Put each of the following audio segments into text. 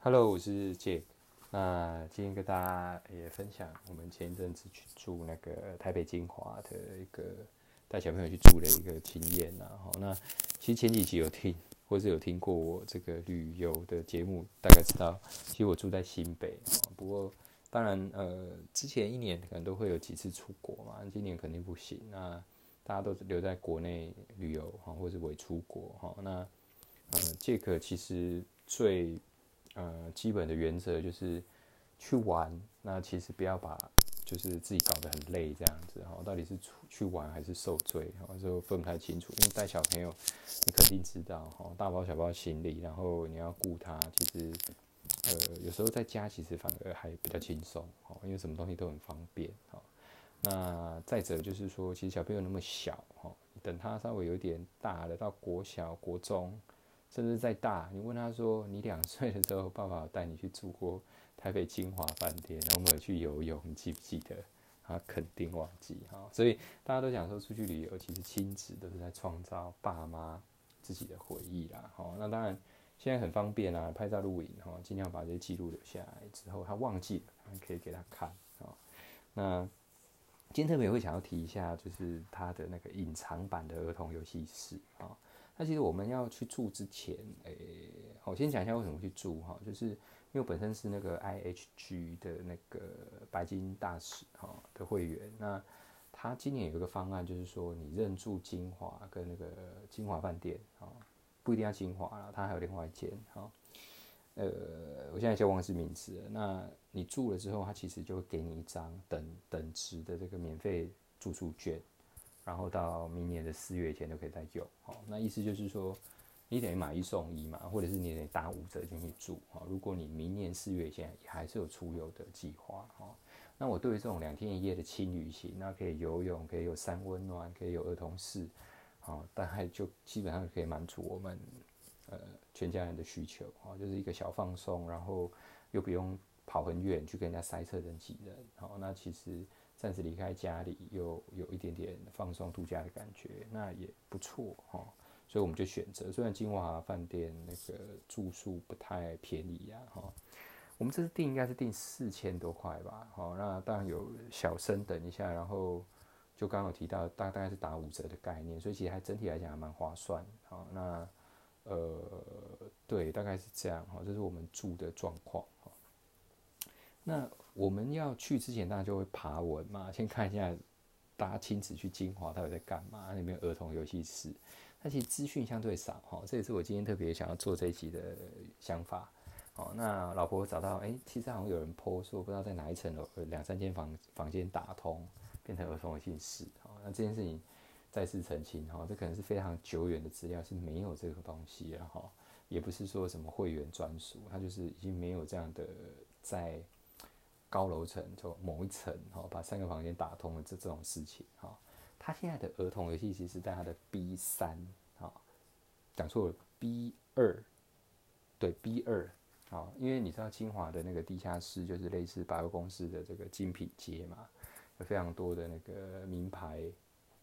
Hello，我是杰。那今天跟大家也分享我們前一陣子去住那個台北晶華的一個帶小朋友去住的一個經驗。那其實前幾期有聽，或者是有聽過我這個旅遊的節目，大概知道其實我住在新北。不過當然，呃，之前一年可能都會有幾次出國嘛，今年肯定不行。那大家都留在國內旅遊哈，或者我也出國哈。那呃，傑克其實最呃，基本的原則就是去玩，那其實不要把就是自己搞得很累這樣子哈、哦。到底是出去玩還是受罪，有、哦、時候分不太清楚。因為帶小朋友，你肯定知道哈、哦，大包小包行李，然後你要顧他，其實呃有時候在家其實反而還比較輕鬆、哦、因為什麼東西都很方便哈、哦。那再者就是說，其實小朋友那麼小哈，哦、等他稍微有點大了，到國小、國中。甚至在大，你問他說：“你兩歲的時候，爸爸帶你去住過台北晶華飯店，然後有沒有去游泳？你記不記得？”他、啊、肯定忘記哈、哦。所以大家都想說，出去旅遊其實親子都是在創造爸媽自己的回憶啦。好、哦，那當然現在很方便啊，拍照錄影，然、哦、盡量把這些記錄留下來。之後他忘記了，可以給他看啊、哦。那今天特別會想要提一下，就是他的那個隱藏版的兒童遊戲室啊。哦那其實我們要去住之前，誒、欸，我先講一下為什麼去住哈，就是因為本身是那個 IHG 的那個白金大使哈的會員。那他今年有一個方案，就是說你認住晶華跟那個晶華飯店哈，不一定要晶華了，他還有另外一間哈。呃，我現在先忘記名字了。那你住了之後，他其實就會給你一張等等值的這個免費住宿券。然後到明年的四月前就可以再用，那意思就是說，你等於買一送一嘛，或者是你得打五折進去住，如果你明年四月前還是有出遊的計劃，那我對於這種兩天一夜的輕旅行，那可以游泳，可以有三溫暖，可以有兒童室，哦，大概就基本上可以滿足我們呃全家人的需求，就是一個小放鬆，然後又不用跑很遠去跟人家塞車人擠人，好，那其實。暫時離開家裡，有有一點點放鬆度假的感覺，那也不錯哦。所以我們就選擇，雖然晶華飯店那個住宿不太便宜呀，啊、哈，我們這次訂應該是訂四千多塊吧。好，那當然有小升等一下，然後就剛好提到大大，大概是打五折的概念，所以其實還整體來講還蠻划算。好，那呃對，大概是這樣哈，這，就是我們住的狀況。那我們要去之前，大家就會爬文嘛，先看一下，大家親自去晶華到底在幹嘛？那邊兒童遊戲室，那其實資訊相對少哈，這也是我今天特別想要做這一集的想法。哦，那老婆找到，誒、欸，其實好像有人 po 說，不知道在哪一層樓，兩三間房房間打通變成兒童遊戲室。好，那這件事情再次澄清哈，這可能是非常久遠的資料，是沒有這個東西哈，也不是說什麼會員專屬，它就是已經沒有這樣的在。高樓層就某一層，哈、哦，把三個房間打通了，這這種事情，哈、哦。他現在的兒童遊戲其實在他的 B 三，哈，講錯了，B 二，B2, 對 B 二，哈、哦。因為你知道晶華的那個地下室就是類似百貨公司的這個精品街嘛，有非常多的那個名牌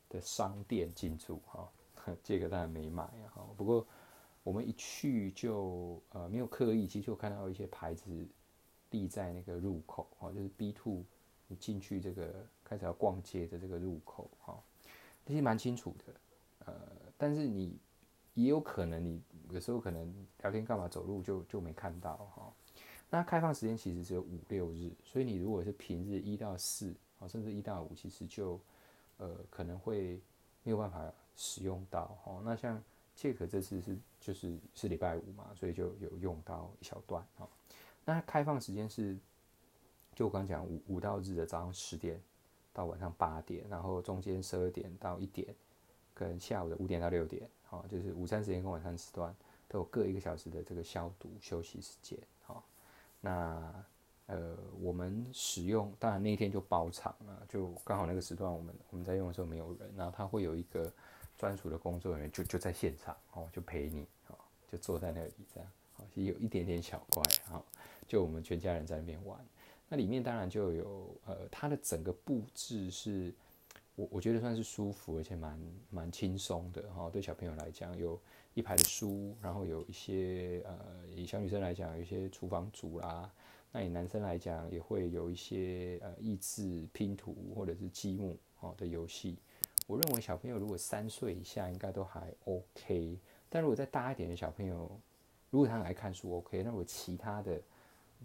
的商店進駐，哈、哦。這個當然沒買，哈、哦。不過我們一去就，呃，沒有刻意，其實就看到一些牌子。立在那個入口哦，就是 B two，你進去這個開始要逛街的這個入口哈，這些蠻清楚的，呃，但是你也有可能你，你有時候可能聊天幹嘛走路就就沒看到哈、哦。那開放時間其實只有五六日，所以你如果是平日一到四甚至一到五，其實就呃可能會沒有辦法使用到哦。那像傑克這次是就是是禮拜五嘛，所以就有用到一小段哈。哦那開放時間是，就我剛剛講五五到日的早上十點到晚上八點，然後中間十二點到一點，跟下午的五點到六點，哦，就是午餐時間跟晚餐時段都有各一個小時的這個消毒休息時間，哦，那呃我們使用當然那天就包場了，就剛好那個時段我們我們在用的時候沒有人，然後他會有一個專屬的工作人員就就在現場哦，就陪你哦，就坐在那裡這樣。其實有一點點小怪哈，就我們全家人在那邊玩。那裡面當然就有呃，它的整個佈置是，我我覺得算是舒服，而且蠻蠻輕鬆的哈。對小朋友來講，有一排的書，然後有一些呃，以小女生來講，有一些廚房組啦、啊。那以男生來講，也會有一些呃益智拼圖或者是積木的遊戲。我認為小朋友如果三歲以下應該都還 OK，但如果再大一點的小朋友，如果他們來看書，OK，那我其他的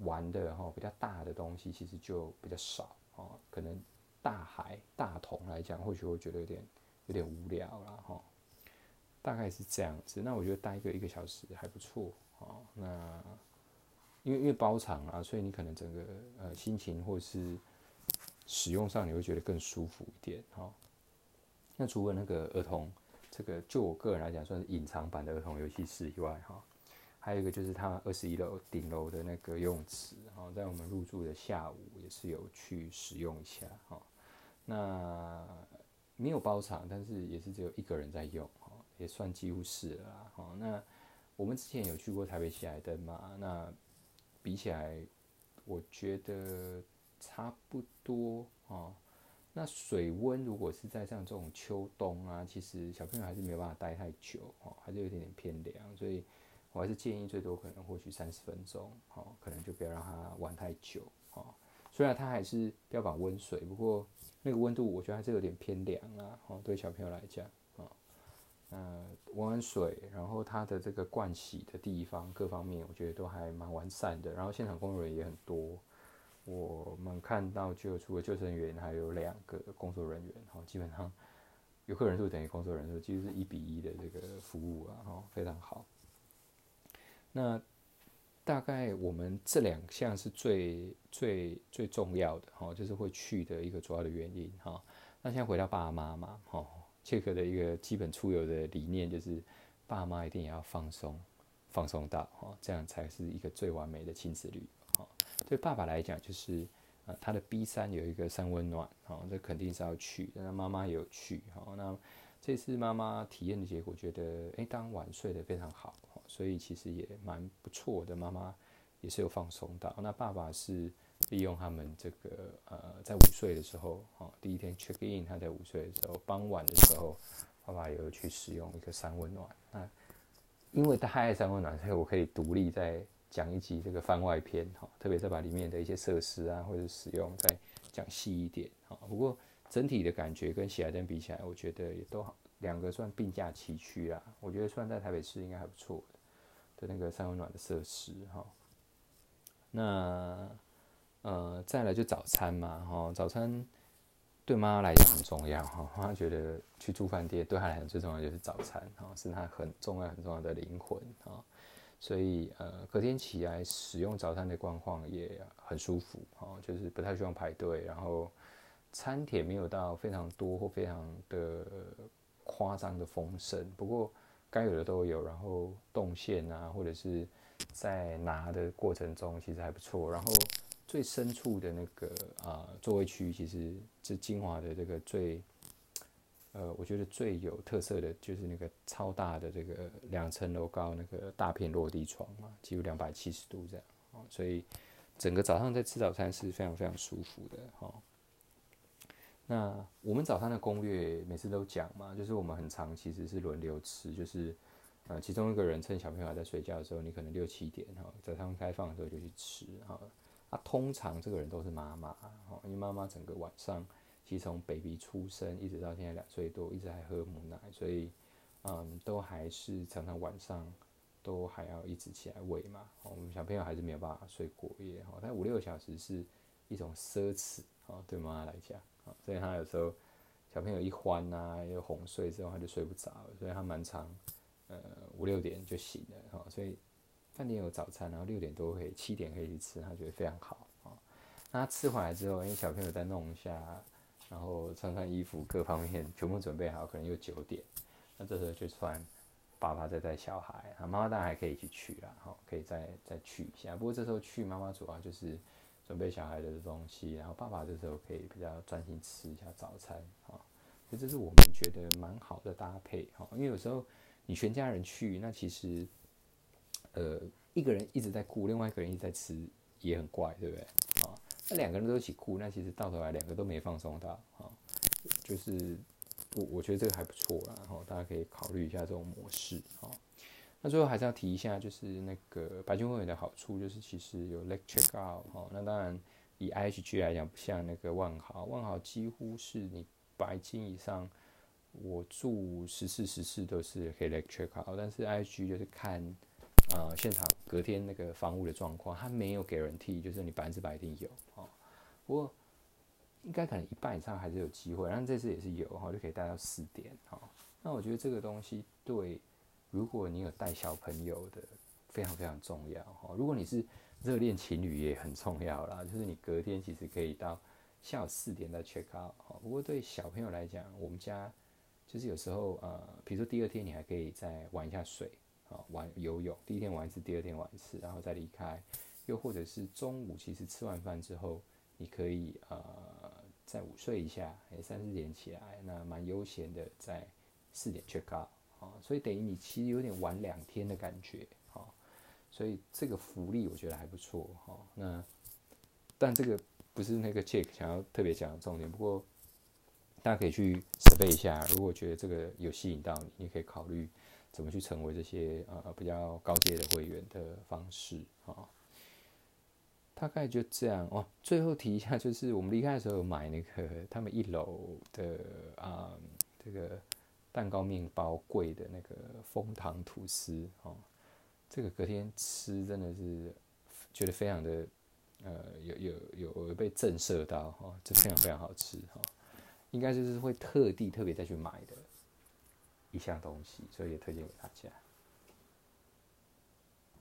玩的哈、喔、比較大的東西其實就比較少哦、喔。可能大孩、大童來講，或許會覺得有點有點無聊了哈、喔。大概是這樣子。那我覺得待一個一個小時還不錯哦、喔。那因為因為包場啊，所以你可能整個呃心情或是使用上你會覺得更舒服一點哈、喔。那除了那個兒童這個，就我個人來講算是隱藏版的兒童遊戲室以外哈。喔還有一個就是它二十一樓頂樓的那個游泳池，然後在我們入住的下午也是有去使用一下哈。那沒有包場，但是也是只有一個人在用哈，也算幾乎是了哈。那我們之前有去過台北喜來登嘛？那比起來，我覺得差不多哦。那水溫如果是在像這種秋冬啊，其實小朋友還是沒有辦法待太久哦，還是有點點偏涼，所以。我還是建議最多可能或許三十分鐘，哦，可能就不要讓他玩太久，哦，雖然他還是標榜溫水，不過那個溫度我覺得還是有點偏涼啊，好、哦，對小朋友來講哦。嗯，溫溫水，然後他的這個盥洗的地方各方面我覺得都還蠻完善的，然後現場工作人員也很多，我們看到就除了救生員還有兩個工作人員，好、哦，基本上遊客人數等於工作人數，其實是一比一的這個服務啊，好、哦，非常好。那大概我們這兩項是最最最重要的哈，就是會去的一個主要的原因哈。那現在回到爸媽嘛哈，切克的一個基本出遊的理念就是，爸媽一定也要放鬆，放鬆到哈，這樣才是一個最完美的親子旅遊哈。對爸爸來講，就是呃他的 B 三有一個三溫暖哈，這肯定是要去，那媽媽也有去。然那這次媽媽體驗的結果覺得，哎、欸，當晚睡得非常好。所以其實也蠻不錯的，媽媽也是有放鬆到。那爸爸是利用他們這個呃，在午睡的時候，哈，第一天 check in 他在午睡的時候，傍晚的時候，爸爸有去使用一個三溫暖。那因為他愛三溫暖，所以我可以獨立再講一集這個番外篇，哈，特別是把裡面的一些設施啊，或者使用再講細一點，哈。不過整體的感覺跟喜來登比起來，我覺得也都好，兩個算並駕齊驅啊。我覺得算在台北市應該還不錯。就那個三溫暖的設施哈，那呃再來就早餐嘛哈，早餐對媽媽來講很重要哈，媽媽覺得去住飯店對她來講最重要就是早餐哈，是她很重要很重要的靈魂哈，所以呃隔天起來使用早餐的狀況也很舒服哈，就是不太需要排隊，然後餐點沒有到非常多或非常的誇張的豐盛，不過。該有的都有，然後動線啊，或者是在拿的過程中其實還不錯。然後最深處的那個啊、呃、座位區，其實是晶華的這個最，呃，我覺得最有特色的，就是那個超大的這個兩層樓高那個大片落地窗嘛，幾乎兩百七十度這樣，所以整個早上在吃早餐是非常非常舒服的哈。齁那我們早餐的攻略每次都講嘛，就是我們很常其實是輪流吃，就是呃，其中一個人趁小朋友還在睡覺的時候，你可能六七點哈、哦，早上開放的時候就去吃哈、哦。啊，通常這個人都是媽媽哈，因為媽媽整個晚上其實從 baby 出生一直到現在兩歲多，一直還喝母奶，所以嗯，都還是常常晚上都還要一直起來餵嘛、哦。我們小朋友還是沒有辦法睡過夜哈、哦，但五六個小時是一種奢侈哈、哦，對媽媽來講。所以他有時候小朋友一歡吶、啊，又哄睡之後他就睡不着，所以他蠻長，呃五六點就醒了哈。所以飯店有早餐，然後六點多可以七點可以去吃，他覺得非常好啊。那他吃回來之後，因為小朋友在弄一下，然後穿穿衣服，各方面全部準備好，可能又九點。那這時候就算爸爸在帶小孩，啊媽媽當然媽媽大還可以去取了哈，可以再再去一下。不過這時候去媽媽主要就是準備小孩的東西，然後爸爸這時候可以比較專心吃一下早餐啊、哦，所以這是我們覺得蠻好的搭配哈、哦。因為有時候你全家人去，那其實呃一個人一直在哭，另外一個人一直在吃，也很怪，對不對啊、哦？那兩個人都一起哭，那其實到頭來兩個都沒放鬆到。啊、哦。就是我我覺得這個還不錯啦，然後大家可以考慮一下這種模式啊。哦那最後還是要提一下，就是那個白金會員的好處，就是其實有 late checkout 那當然以 I H G 來講，不像那個萬豪，萬豪幾乎是你白金以上，我住十次十次都是可以 late checkout。但是 I H G 就是看啊、呃、現場隔天那個房屋的狀況，它沒有 guarantee，就是你百分之百一定有哦。不過應該可能一半以上還是有機會，然後這次也是有哈，就可以待到四點哈。那我覺得這個東西對。如果你有帶小朋友的，非常非常重要哈。如果你是熱戀情侶，也很重要啦。就是你隔天其實可以到下午四點再 check out 哈。不過對小朋友來講，我們家就是有時候呃，比如說第二天你還可以再玩一下水，啊，玩游泳。第一天玩一次，第二天玩一次，然後再離開。又或者是中午其實吃完飯之後，你可以呃再午睡一下，三、欸、四點起來，那蠻悠閒的，在四點 check out。所以等於你其實有點晚兩天的感覺，所以這個福利我覺得還不錯，那但這個不是那個 Jack 想要特別講的重點，不過大家可以去準備一下，如果覺得這個有吸引到你，你可以考慮怎麼去成為這些呃比較高階的會員的方式，大概就這樣，哦，最後提一下就是我們離開的時候有買那個他們一樓的啊這個。蛋糕、麵包貴的那個楓糖吐司，哦，這個隔天吃真的是覺得非常的，呃，有有有被震懾到，哈、哦，這非常非常好吃，哈、哦，應該就是會特地特別再去買的一項東西，所以也推薦給大家。